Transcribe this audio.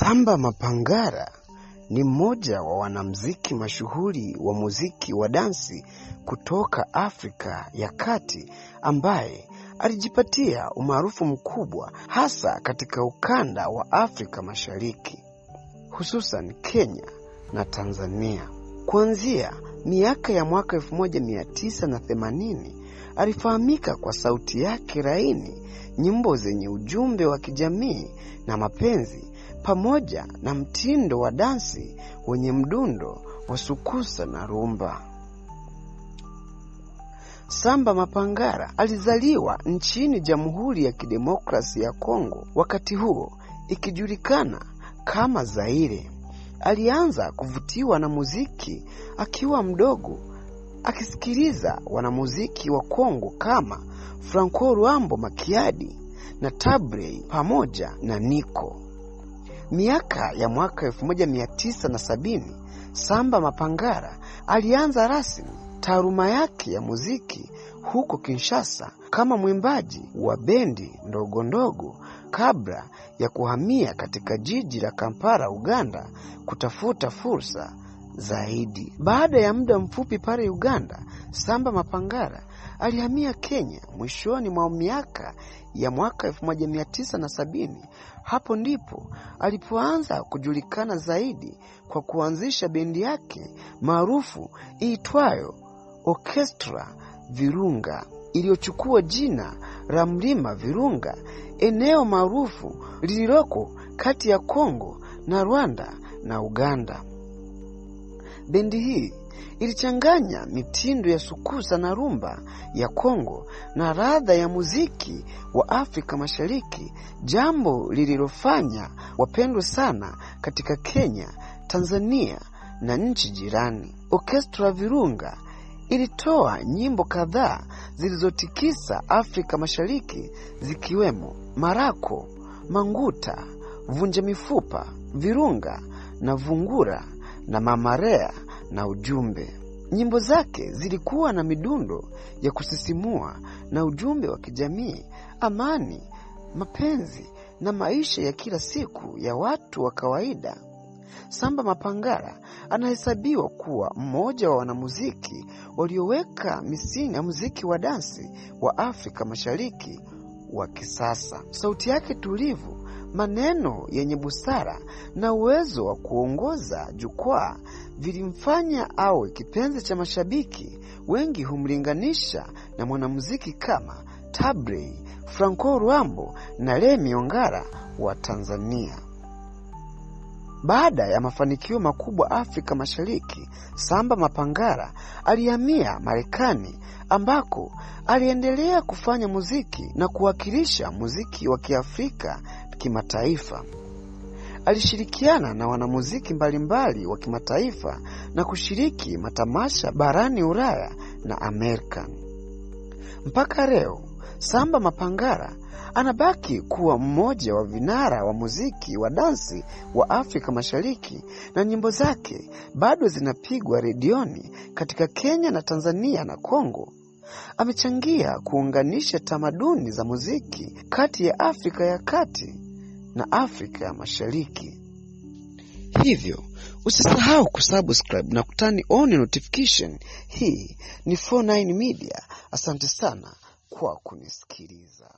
Samba Mapangara ni mmoja wa wanamuziki mashuhuri wa muziki wa dansi kutoka Afrika ya Kati ambaye alijipatia umaarufu mkubwa hasa katika ukanda wa Afrika Mashariki, hususan Kenya na Tanzania. Kuanzia miaka ya mwaka 1980 alifahamika kwa sauti yake laini, nyimbo zenye ujumbe wa kijamii na mapenzi pamoja na mtindo wa dansi wenye mdundo wa sukusa na rumba. Samba Mapangala alizaliwa nchini Jamhuri ya Kidemokrasi ya Kongo, wakati huo ikijulikana kama Zaire. Alianza kuvutiwa na muziki akiwa mdogo, akisikiliza wanamuziki wa Kongo kama Franco Luambo Makiadi na tabrei pamoja na Niko. Miaka ya mwaka 1970 Samba mapangara alianza rasmi taaluma yake ya muziki huko Kinshasa kama mwimbaji wa bendi ndogo ndogo kabla ya kuhamia katika jiji la Kampala, Uganda kutafuta fursa zaidi. Baada ya muda mfupi pale Uganda, Samba Mapangala alihamia Kenya mwishoni mwa miaka ya mwaka sabini. Hapo ndipo alipoanza kujulikana zaidi kwa kuanzisha bendi yake maarufu iitwayo Orchestra Virunga iliyochukua jina la Mlima Virunga, eneo maarufu lililoko kati ya Kongo na Rwanda na Uganda. Bendi hii ilichanganya mitindo ya sukusa na rumba ya Kongo na radha ya muziki wa Afrika Mashariki, jambo lililofanya wapendwe sana katika Kenya, Tanzania na nchi jirani. Orkestra Virunga ilitoa nyimbo kadhaa zilizotikisa Afrika Mashariki zikiwemo Marako, Manguta, Vunja Mifupa, Virunga na Vungura na mamarea na ujumbe. Nyimbo zake zilikuwa na midundo ya kusisimua na ujumbe wa kijamii, amani, mapenzi na maisha ya kila siku ya watu wa kawaida. Samba mapangara anahesabiwa kuwa mmoja wa wanamuziki walioweka misingi ya muziki wa dansi wa Afrika Mashariki wa kisasa. Sauti yake tulivu maneno yenye busara na uwezo wa kuongoza jukwaa vilimfanya awe kipenzi cha mashabiki. Wengi humlinganisha na mwanamuziki kama tabrei Franco Luambo na Remi Ongara wa Tanzania. Baada ya mafanikio makubwa Afrika Mashariki, Samba Mapangala alihamia Marekani ambako aliendelea kufanya muziki na kuwakilisha muziki wa Kiafrika kimataifa. Alishirikiana na wanamuziki mbalimbali wa kimataifa na kushiriki matamasha barani Ulaya na Amerika. Mpaka leo Samba Mapangala anabaki kuwa mmoja wa vinara wa muziki wa dansi wa Afrika Mashariki na nyimbo zake bado zinapigwa redioni katika Kenya na Tanzania na Kongo. Amechangia kuunganisha tamaduni za muziki kati ya Afrika ya Kati na Afrika ya Mashariki. Hivyo usisahau kusubscribe na kutani on notification. Hii ni 49 Media. Asante sana kwa kunisikiliza.